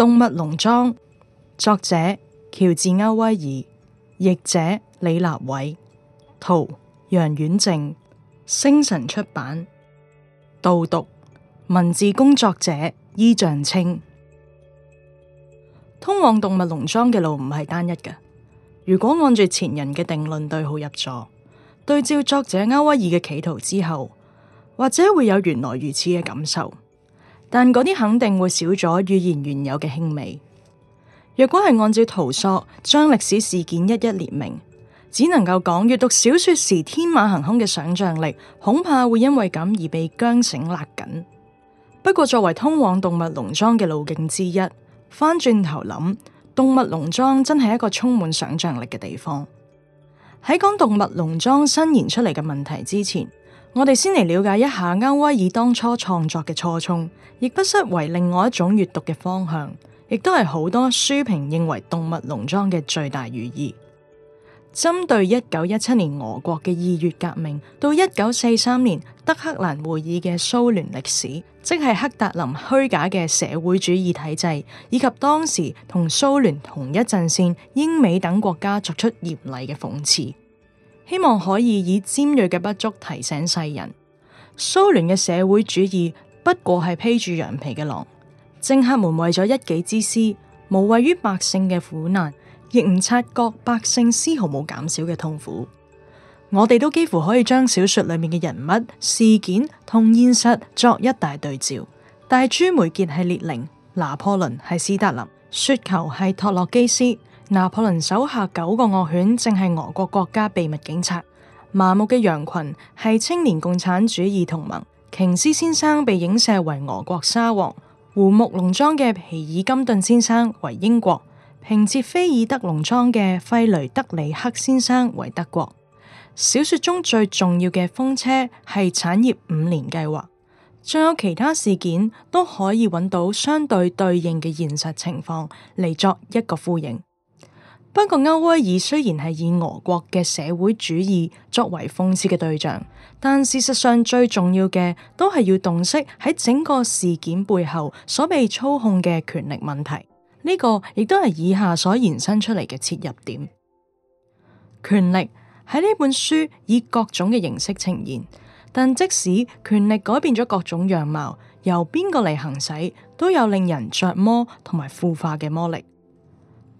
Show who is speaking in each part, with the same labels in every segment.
Speaker 1: 動物農莊，作者喬治·歐威爾，譯者李立瑋，圖楊宛靜，晨星出版。導讀：文字工作者伊象清。通往動物農莊嘅路唔係單一嘅。如果按住前人嘅定論對號入座，對照作者歐威爾嘅企圖之後，或者會有原來如此嘅感受。但嗰啲肯定會少咗語言原有嘅興味。若果係按照圖索，將歷史事件一一列明，只能夠講閱讀小說時天馬行空嘅想象力，恐怕會因為咁而被韁繩勒緊。不過作為通往動物農莊嘅路徑之一，翻轉頭諗，動物農莊真係一個充滿想象力嘅地方。喺講動物農莊新延出嚟嘅問題之前。我哋先嚟了解一下歐威爾當初創作嘅初衷，亦不失為另外一種閱讀嘅方向，亦都係好多書評認為《動物農莊》嘅最大寓意。針對一九一七年俄國嘅二月革命到一九四三年德黑蘭會議嘅蘇聯歷史，即係赫達林虛假嘅社會主義體制，以及當時同蘇聯同一陣線英美等國家作出嚴厲嘅諷刺。希望可以以尖銳嘅不足提醒世人，蘇聯嘅社會主義不過係披住羊皮嘅狼，政客們為咗一己之私，無謂於百姓嘅苦難，亦唔察覺百姓絲毫冇減少嘅痛苦。我哋都幾乎可以將小說裏面嘅人物、事件同現實作一大對照，但係豬梅傑係列寧，拿破崙係史太林，雪球係托洛基斯。拿破崙手下九個惡犬正係俄國國家秘密警察，麻木嘅羊群係青年共產主義同盟。瓊斯先生被影射為俄國沙皇，胡木農莊嘅皮爾金頓先生為英國，平徹菲爾德農莊嘅費雷德里克先生為德國。小說中最重要嘅風車係產業五年計劃，仲有其他事件都可以揾到相對對應嘅現實情況嚟作一個呼應。不過，歐威爾雖然係以俄國嘅社會主義作為諷刺嘅對象，但事實上最重要嘅都係要洞悉喺整個事件背後所被操控嘅權力問題。呢個亦都係以下所延伸出嚟嘅切入點。權力喺呢本書以各種嘅形式呈現，但即使權力改變咗各種樣貌，由邊個嚟行使，都有令人着魔同埋腐化嘅魔力。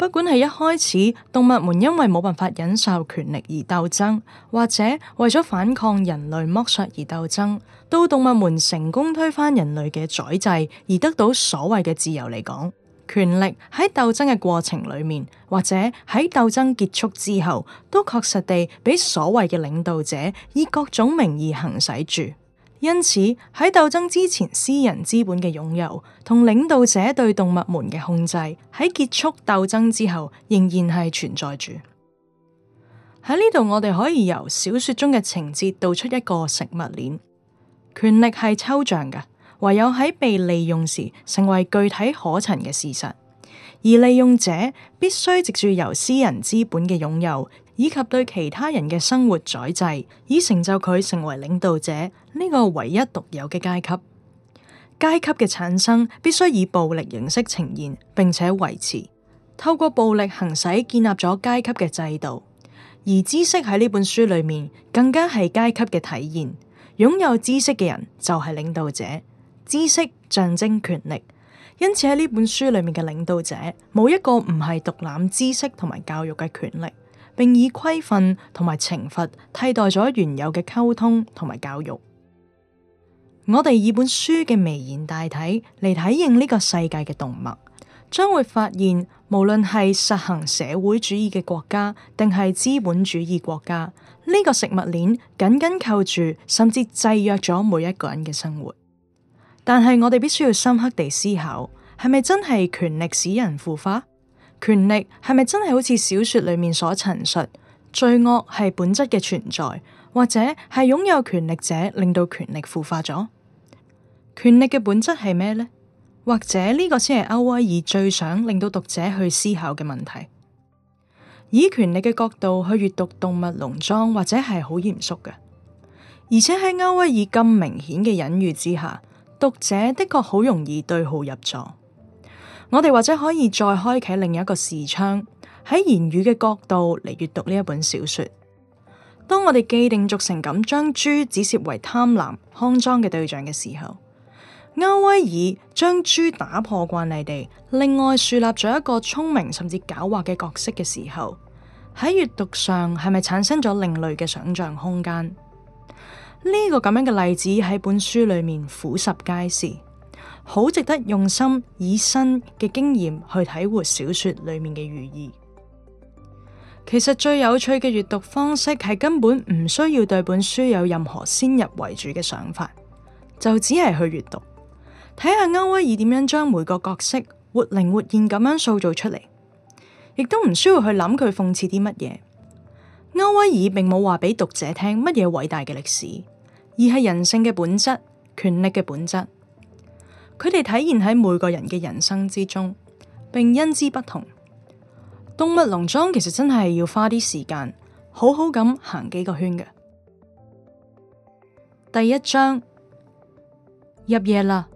Speaker 1: 不管係一開始動物們因為冇辦法忍受權力而鬥爭，或者為咗反抗人類剝削而鬥爭，到動物們成功推翻人類嘅宰制而得到所謂嘅自由嚟講，權力喺鬥爭嘅過程裏面，或者喺鬥爭結束之後，都確實地俾所謂嘅領導者以各種名義行使住。因此喺鬥爭之前，私人資本嘅擁有同領導者對動物們嘅控制，喺結束鬥爭之後仍然係存在住。喺呢度，我哋可以由小說中嘅情節導出一個食物鏈。權力係抽象嘅，唯有喺被利用時，成為具體可陳嘅事實。而利用者必須藉住由私人資本嘅擁有。以及對其他人嘅生活宰制，以成就佢成為領導者呢個唯一獨有嘅階級。階級嘅產生必須以暴力形式呈現，並且維持。透過暴力行使，建立咗階級嘅制度。而知識喺呢本書裏面，更加係階級嘅體現。擁有知識嘅人就係領導者。知識象徵權力，因此喺呢本書裏面嘅領導者冇一個唔係獨攬知識同埋教育嘅權力。並以規訓同埋懲罰替代咗原有嘅溝通同埋教育。我哋以本書嘅微言大體嚟體驗呢個世界嘅動物，將會發現無論係實行社會主義嘅國家定係資本主義國家，呢個食物鏈緊緊扣住甚至制約咗每一個人嘅生活。但係我哋必須要深刻地思考，係咪真係權力使人腐化？權力係咪真係好似小說裏面所陳述，罪惡係本質嘅存在，或者係擁有權力者令到權力腐化咗？權力嘅本質係咩呢？或者呢個先係歐威爾最想令到讀者去思考嘅問題？以權力嘅角度去閱讀《動物農莊》，或者係好嚴肅嘅，而且喺歐威爾咁明顯嘅隱喻之下，讀者的確好容易對號入座。我哋或者可以再開啟另一個視窗，喺言語嘅角度嚟閱讀呢一本小說。當我哋既定俗成咁將豬指涉為貪婪、骯髒嘅對象嘅時候，歐威爾將豬打破慣例地，另外樹立咗一個聰明甚至狡猾嘅角色嘅時候，喺閱讀上係咪產生咗另類嘅想象空間？呢個咁樣嘅例子喺本書裏面俯拾皆是。好值得用心以身嘅經驗去體會小說裏面嘅寓意。其實最有趣嘅閱讀方式係根本唔需要對本書有任何先入為主嘅想法，就只係去閱讀，睇下歐威爾點樣將每個角色活靈活現咁樣塑造出嚟，亦都唔需要去諗佢諷刺啲乜嘢。歐威爾並冇話俾讀者聽乜嘢偉大嘅歷史，而係人性嘅本質、權力嘅本質。佢哋體現喺每個人嘅人生之中，並因之不同。動物農莊其實真係要花啲時間，好好咁行幾個圈嘅。第一章，入夜啦，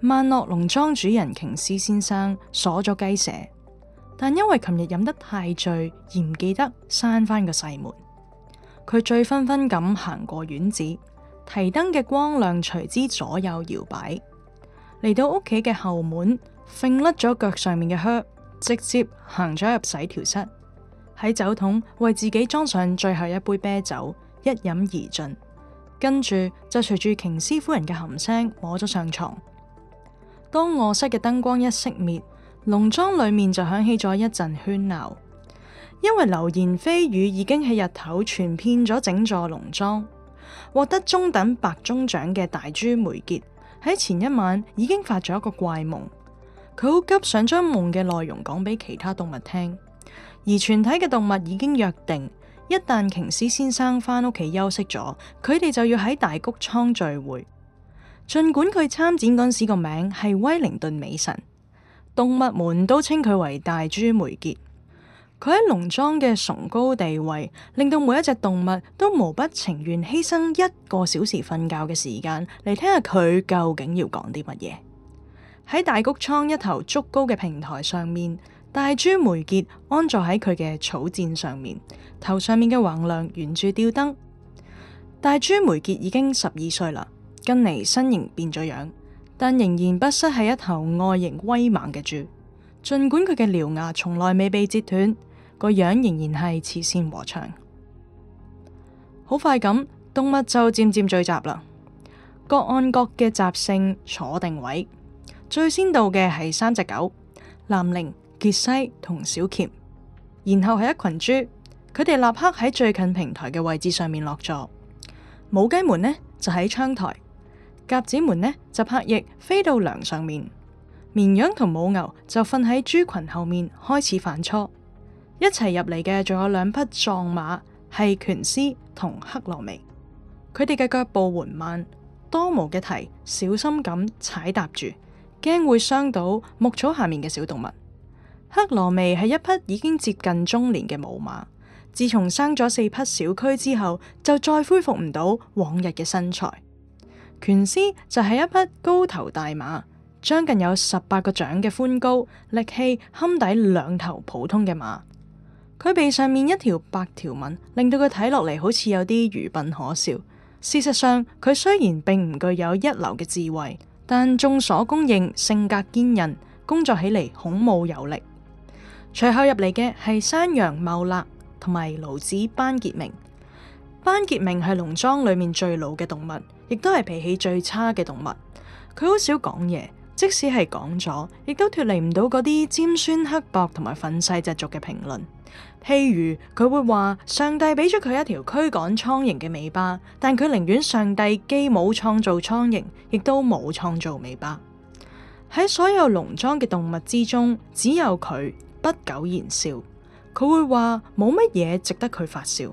Speaker 1: 曼諾農莊主人瓊斯先生鎖咗雞舍，但因為琴日飲得太醉，而唔記得閂翻個細門。佢醉醺醺咁行過院子，提燈嘅光亮隨之左右搖擺。嚟到屋企嘅後門，揈甩咗腳上面嘅靴，直接行咗入洗條室，喺酒桶為自己裝上最後一杯啤酒，一飲而盡，跟住就隨住瓊斯夫人嘅含聲摸咗上床。當臥室嘅燈光一熄滅，農莊裏面就響起咗一陣喧鬧，因為流言蜚語已經喺日頭傳遍咗整座農莊。獲得中等白中獎嘅大豬梅傑。喺前一晚已經發咗一個怪夢，佢好急想將夢嘅內容講俾其他動物聽，而全體嘅動物已經約定，一旦瓊斯先生返屋企休息咗，佢哋就要喺大谷倉聚會。盡管佢參展嗰時個名係威靈頓美神，動物們都稱佢為大豬梅傑。佢喺農莊嘅崇高地位，令到每一隻動物都無不情願犧牲一個小時瞓覺嘅時間嚟聽下佢究竟要講啲乜嘢。喺大穀倉一頭築高嘅平台上面，大豬梅杰安坐喺佢嘅草墊上面，頭上面嘅橫梁懸住吊燈。大豬梅杰已經十二歲啦，近嚟身形變咗樣，但仍然不失係一頭外形威猛嘅豬。盡管佢嘅獠牙從來未被截斷。個樣仍然係慈善和暢，好快咁，動物就漸漸聚集啦。各按各嘅習性坐定位。最先到嘅係三隻狗，藍鈴、杰西同小鉗，然後係一群豬，佢哋立刻喺最近平台嘅位置上面落座。母雞們呢就喺窗台，鴿子們呢就拍翼飛到梁上面，綿羊同母牛就瞓喺豬群後面開始反芻。一齊入嚟嘅仲有兩匹壯馬，係拳師同克羅眉。佢哋嘅腳步緩慢，多毛嘅蹄小心咁踩踏住，驚會傷到牧草下面嘅小動物。克羅眉係一匹已經接近中年嘅母馬，自從生咗四匹小駒之後，就再恢復唔到往日嘅身材。拳師就係一匹高頭大馬，將近有十八個掌嘅寬高，力氣堪抵兩頭普通嘅馬。佢鼻上面一條白條紋，令到佢睇落嚟好似有啲愚笨可笑。事實上，佢雖然並唔具有一流嘅智慧，但眾所公認性格堅韌，工作起嚟孔武有力。隨後入嚟嘅係山羊茂勒同埋驢子班傑明。班傑明係農莊裏面最老嘅動物，亦都係脾氣最差嘅動物。佢好少講嘢，即使係講咗，亦都脱離唔到嗰啲尖酸刻薄同埋憤世嫉俗嘅評論。譬如佢會話上帝畀咗佢一條驅趕蒼蠅嘅尾巴，但佢寧願上帝既冇創造蒼蠅，亦都冇創造尾巴。喺所有農莊嘅動物之中，只有佢不苟言笑。佢會話冇乜嘢值得佢發笑。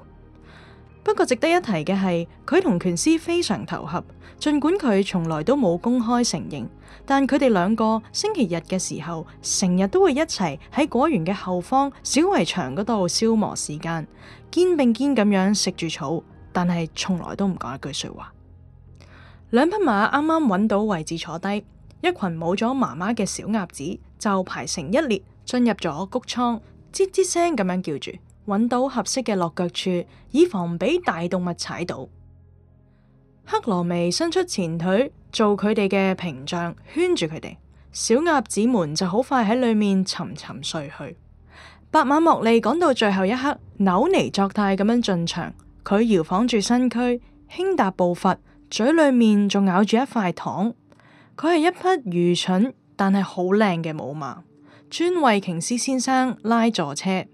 Speaker 1: 不過值得一提嘅係，佢同拳師非常投合，盡管佢從來都冇公開承認，但佢哋兩個星期日嘅時候，成日都會一齊喺果園嘅後方小圍牆嗰度消磨時間，肩並肩咁樣食住草，但係從來都唔講一句說話。兩 匹馬啱啱揾到位置坐低，一群冇咗媽媽嘅小鴨子就排成一列進入咗谷倉，吱吱聲咁樣叫住。揾到合適嘅落腳處，以防俾大動物踩到。克羅微伸出前腿做佢哋嘅屏障，圈住佢哋。小鴨子們就好快喺裏面沉沉睡去。白馬莫利講到最後一刻，扭捏作態咁樣進場。佢搖晃住身軀，輕踏步伐，嘴裏面仲咬住一塊糖。佢係一匹愚蠢但係好靚嘅母馬，專為瓊斯先生拉坐車。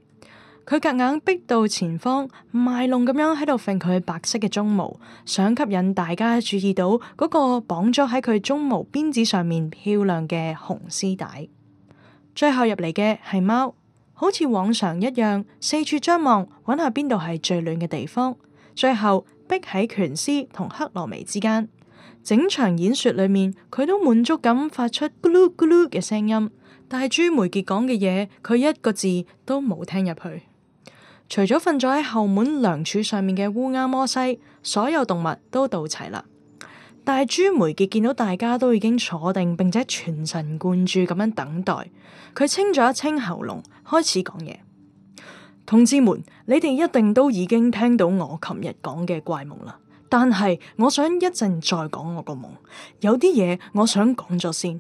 Speaker 1: 佢夾硬逼到前方，賣弄咁樣喺度揈佢白色嘅鬃毛，想吸引大家注意到嗰個綁咗喺佢鬃毛辮子上面漂亮嘅紅絲帶。最後入嚟嘅係貓，好似往常一樣四處張望，揾下邊度係最暖嘅地方，最後逼喺拳師同黑羅眉之間。整場演說裏面，佢都滿足咁發出咕嚕咕嚕嘅聲音，但係朱梅杰講嘅嘢，佢一個字都冇聽入去。除咗瞓咗喺後門梁柱上面嘅烏鴉摩西，所有動物都到齊啦。但係豬梅傑見到大家都已經坐定，並且全神貫注咁樣等待，佢清咗一清喉嚨，開始講嘢。同志們，你哋一定都已經聽到我琴日講嘅怪夢啦，但係我想一陣再講我個夢，有啲嘢我想講咗先。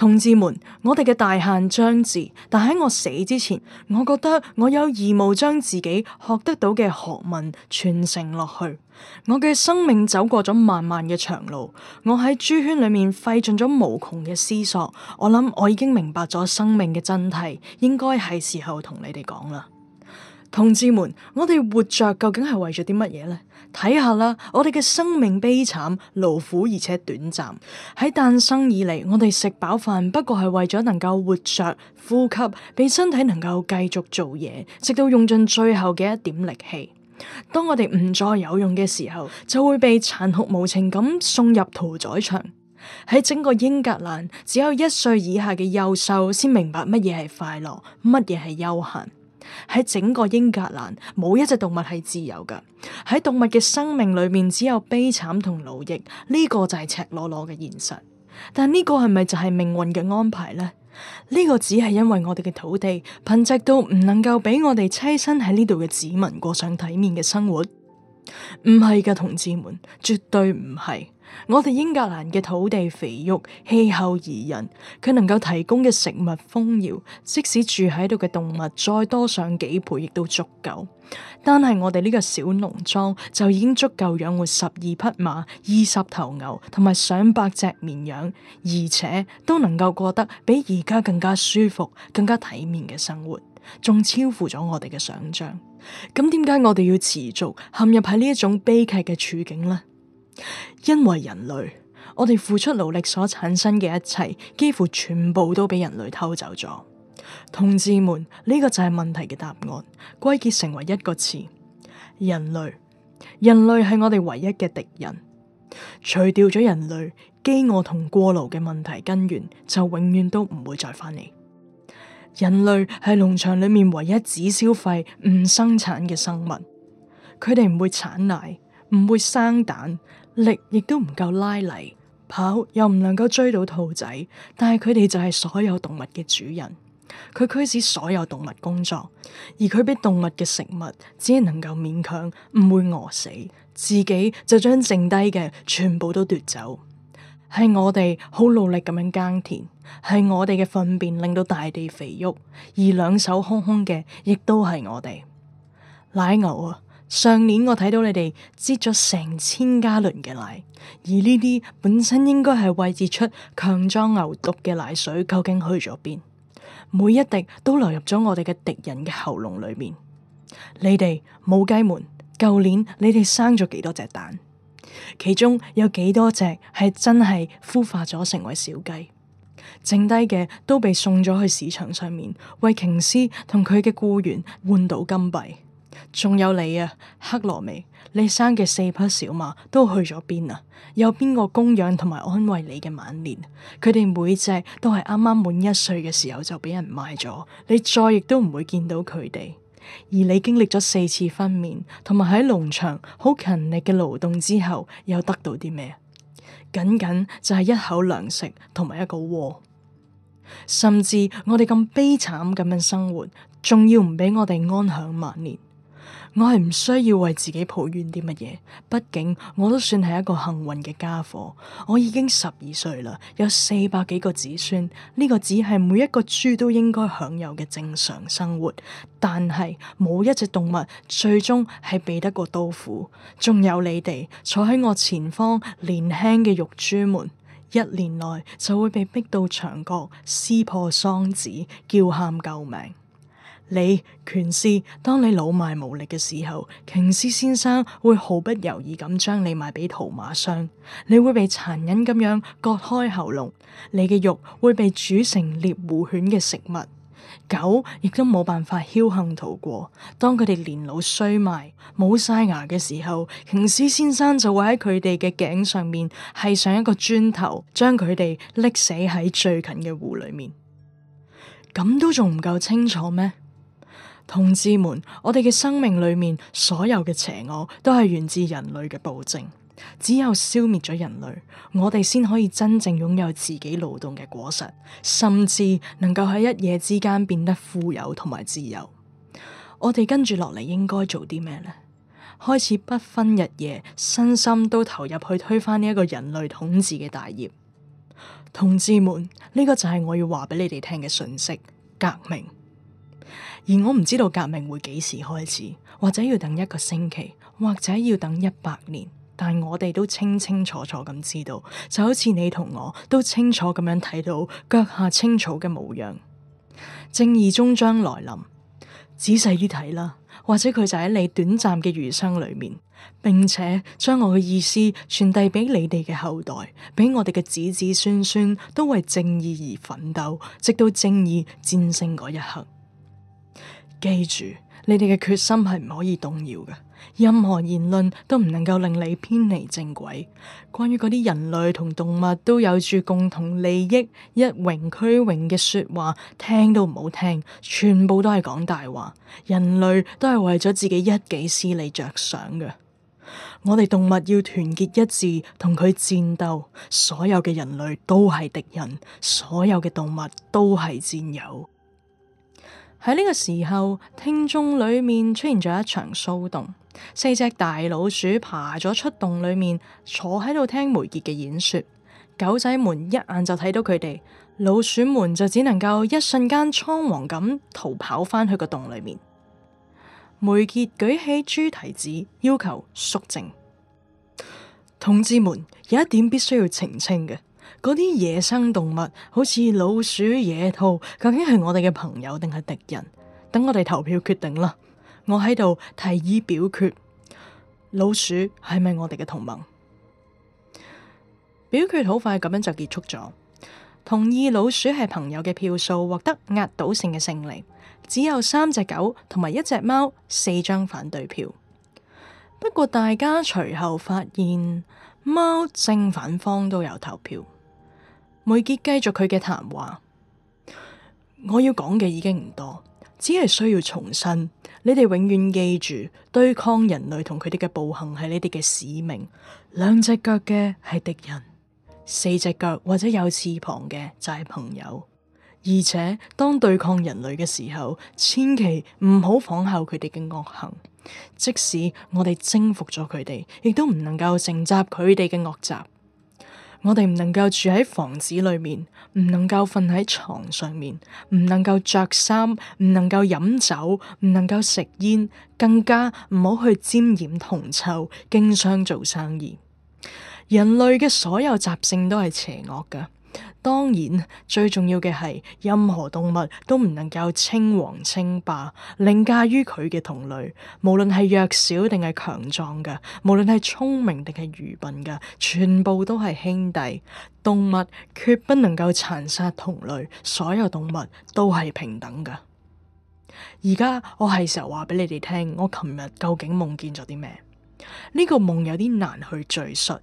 Speaker 1: 同志們，我哋嘅大限將至，但喺我死之前，我覺得我有義務將自己學得到嘅學問傳承落去。我嘅生命走過咗漫漫嘅長路，我喺豬圈裏面費盡咗無窮嘅思索，我諗我已經明白咗生命嘅真諦，應該係時候同你哋講啦。同志們，我哋活着究竟係為咗啲乜嘢呢？睇下啦，我哋嘅生命悲慘、勞苦而且短暫。喺誕生以嚟，我哋食飽飯不過係為咗能夠活着、呼吸，俾身體能夠繼續做嘢，直到用盡最後嘅一點力氣。當我哋唔再有用嘅時候，就會被殘酷無情咁送入屠宰場。喺整個英格蘭，只有一歲以下嘅幼獸先明白乜嘢係快樂，乜嘢係悠閒。喺整個英格蘭，冇一隻動物係自由噶喺動物嘅生命裏面只有悲慘同勞役，呢個就係赤裸裸嘅現實。但呢個係咪就係命運嘅安排呢？呢個只係因為我哋嘅土地貧瘠到唔能夠俾我哋棲身喺呢度嘅子民過上體面嘅生活？唔係嘅，同志們，絕對唔係。我哋英格蘭嘅土地肥沃，氣候宜人，佢能夠提供嘅食物豐饒，即使住喺度嘅動物再多上幾倍，亦都足夠。單係我哋呢個小農莊就已經足夠養活十二匹馬、二十頭牛同埋上百隻綿羊，而且都能夠過得比而家更加舒服、更加體面嘅生活，仲超乎咗我哋嘅想象。咁點解我哋要持續陷入喺呢一種悲劇嘅處境呢？因為人類，我哋付出勞力所產生嘅一切，幾乎全部都俾人類偷走咗。同志們，呢個就係問題嘅答案，歸結成為一個詞：人類。人類係我哋唯一嘅敵人。除掉咗人類，飢餓同過勞嘅問題根源就永遠都唔會再翻嚟。人類係農場裏面唯一隻消費唔生產嘅生物，佢哋唔會產奶，唔會生蛋。力亦都唔夠拉嚟，跑又唔能夠追到兔仔，但係佢哋就係所有動物嘅主人，佢驅使所有動物工作，而佢畀動物嘅食物只係能夠勉強，唔會餓死，自己就將剩低嘅全部都奪走。係我哋好努力咁樣耕田，係我哋嘅糞便令到大地肥沃，而兩手空空嘅亦都係我哋。奶牛啊，上年我睇到你哋擠咗成千加侖嘅奶，而呢啲本身應該係餵飼出強壯牛犢嘅奶水，究竟去咗邊？每一滴都流入咗我哋嘅敵人嘅喉嚨裏面。你哋母雞們，舊年你哋生咗幾多隻蛋？其中有幾多隻係真係孵化咗成為小雞？剩低嘅都被送咗去市場上面，為瓊斯同佢嘅僱員換到金幣。仲有你啊，黑羅美，你生嘅四匹小馬都去咗邊啊？有邊個供養同埋安慰你嘅晚年？佢哋每隻都係啱啱滿一歲嘅時候就俾人賣咗，你再亦都唔會見到佢哋。而你經歷咗四次分娩，同埋喺農場好勤力嘅勞動之後，又得到啲咩？僅僅就係一口糧食同埋一個窩，甚至我哋咁悲慘咁樣生活，仲要唔畀我哋安享晚年？我係唔需要為自己抱怨啲乜嘢，畢竟我都算係一個幸運嘅家伙。我已經十二歲啦，有四百幾個子孫，呢、呢個只係每一個豬都應該享有嘅正常生活。但係冇一隻動物最終係避得過刀斧，仲有你哋坐喺我前方年輕嘅肉豬們，一年內就會被逼到牆角，撕破嗓子，叫喊救命。你拳師，當你老邁無力嘅時候，瓊斯先生會毫不猶豫咁將你賣畀屠馬商。你會被殘忍咁樣割開喉嚨，你嘅肉會被煮成獵狐犬嘅食物。狗亦都冇辦法僥倖逃過。當佢哋年老衰邁，冇晒牙嘅時候，瓊斯先生就會喺佢哋嘅頸上面繫上一個磚頭，將佢哋溺死喺最近嘅湖裏面。咁都仲唔夠清楚咩？同志們，我哋嘅生命裏面所有嘅邪惡都係源自人類嘅暴政。只有消滅咗人類，我哋先可以真正擁有自己勞動嘅果實，甚至能夠喺一夜之間變得富有同埋自由。我哋跟住落嚟應該做啲咩呢？開始不分日夜，身心都投入去推翻呢一個人類統治嘅大業。同志們，呢個就係我要話畀你哋聽嘅訊息：革命。而我唔知道革命會幾時開始，或者要等一個星期，或者要等一百年。但我哋都清清楚楚咁知道，就好似你同我都清楚咁樣睇到腳下青草嘅模樣。正義終將來臨，仔細啲睇啦。或者佢就喺你短暫嘅餘生裏面，並且將我嘅意思傳遞畀你哋嘅後代，畀我哋嘅子子孫孫都為正義而奮鬥，直到正義戰勝嗰一刻。記住，你哋嘅決心係唔可以動搖嘅，任何言論都唔能夠令你偏離正軌。關於嗰啲人類同動物都有住共同利益、一榮俱榮嘅說話，聽都唔好聽，全部都係講大話。人類都係為咗自己一己私利着想嘅，我哋動物要團結一致，同佢戰鬥。所有嘅人類都係敵人，所有嘅動物都係戰友。喺呢個時候，聽眾裏面出現咗一場騷動，四隻大老鼠爬咗出洞裏面，坐喺度聽梅傑嘅演說。狗仔們一眼就睇到佢哋，老鼠們就只能夠一瞬間倉皇咁逃跑返去個洞裏面。梅傑舉起豬蹄子，要求肅靜。同志們，有一點必須要澄清嘅。嗰啲野生動物，好似老鼠、野兔，究竟係我哋嘅朋友定係敵人？等我哋投票決定啦。我喺度提議表決，老鼠係咪我哋嘅同盟？表決好快咁樣就結束咗，同意老鼠係朋友嘅票數獲得壓倒性嘅勝利，只有三隻狗同埋一隻貓四張反對票。不過大家隨後發現，貓正反方都有投票。梅傑繼續佢嘅談話。我要講嘅已經唔多，只係需要重申，你哋永遠記住，對抗人類同佢哋嘅暴行係你哋嘅使命。兩隻腳嘅係敵人，四隻腳或者有翅膀嘅就係朋友。而且當對抗人類嘅時候，千祈唔好仿效佢哋嘅惡行。即使我哋征服咗佢哋，亦都唔能夠承襲佢哋嘅惡習。我哋唔能夠住喺房子裏面，唔能夠瞓喺床上面，唔能夠着衫，唔能夠飲酒，唔能夠食煙，更加唔好去沾染銅臭，經商做生意。人類嘅所有習性都係邪惡㗎。當然，最重要嘅係，任何動物都唔能夠稱王稱霸，凌駕於佢嘅同類。無論係弱小定係強壯嘅，無論係聰明定係愚笨嘅，全部都係兄弟。動物絕不能夠殘殺同類，所有動物都係平等嘅。而家我係時候話俾你哋聽，我琴日究竟夢見咗啲咩？呢個夢有啲難去敘述，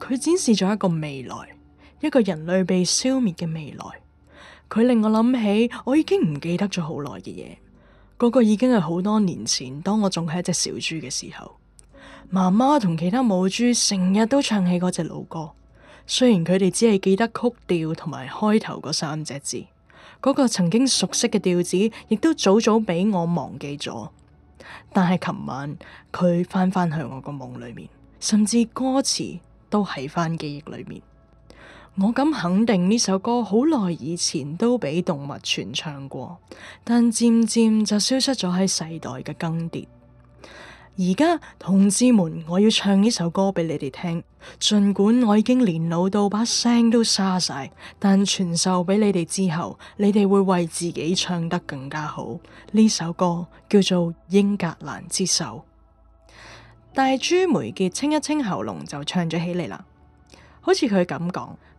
Speaker 1: 佢展示咗一個未來。一個人類被消滅嘅未來，佢令我諗起我已經唔記得咗好耐嘅嘢。嗰個已經係好多年前，當我仲係一隻小豬嘅時候，媽媽同其他母豬成日都唱起嗰隻老歌。雖然佢哋只係記得曲調同埋開頭嗰三隻字，嗰個曾經熟悉嘅調子亦都早早畀我忘記咗。但係琴晚，佢翻返去我個夢裏面，甚至歌詞都喺翻記憶裏面。我敢肯定呢首歌好耐以前都畀動物傳唱過，但漸漸就消失咗喺世代嘅更迭。而家，同志們，我要唱呢首歌畀你哋聽，盡管我已經年老到把聲都沙晒，但傳授畀你哋之後，你哋會為自己唱得更加好。呢首歌叫做《英格蘭之首》。大豬梅傑清一清喉嚨就唱咗起嚟啦，好似佢咁講。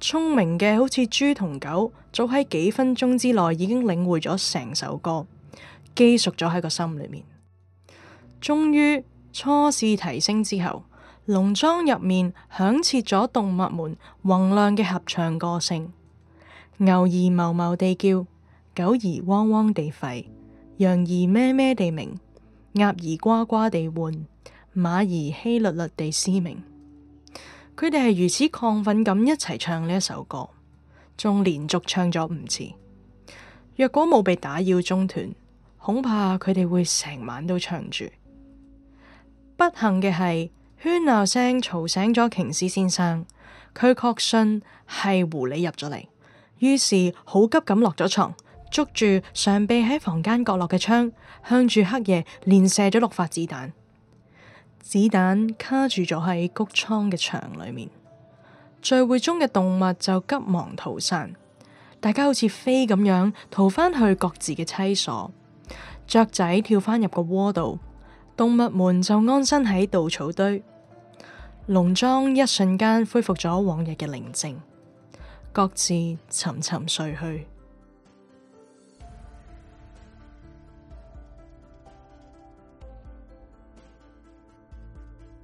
Speaker 1: 聰明嘅好似豬同狗，早喺幾分鐘之內已經領會咗成首歌，記熟咗喺個心裏面。終於初試啼聲之後，農莊入面響徹咗動物們宏亮嘅合唱歌聲。牛兒哞哞地叫，狗兒汪汪地吠，羊兒咩咩地鳴，鴨兒呱呱地喚，馬兒唏律律地嘶鳴。佢哋係如此亢奮咁一齊唱呢一首歌，仲連續唱咗五次。若果冇被打擾中斷，恐怕佢哋會成晚都唱住。 不幸嘅係，喧鬧聲嘈醒咗瓊斯先生，佢確信係狐狸入咗嚟，於是好急咁落咗床，捉住常備喺房間角落嘅槍，向住黑夜連射咗六發子彈。子彈卡住咗喺穀倉嘅牆裏面，聚會中嘅動物就急忙逃散，大家好似飛咁樣逃返去各自嘅棲所，雀仔跳返入個窩度，動物們就安身喺稻草堆，農莊一瞬間恢復咗往日嘅寧靜，各自沉沉睡去。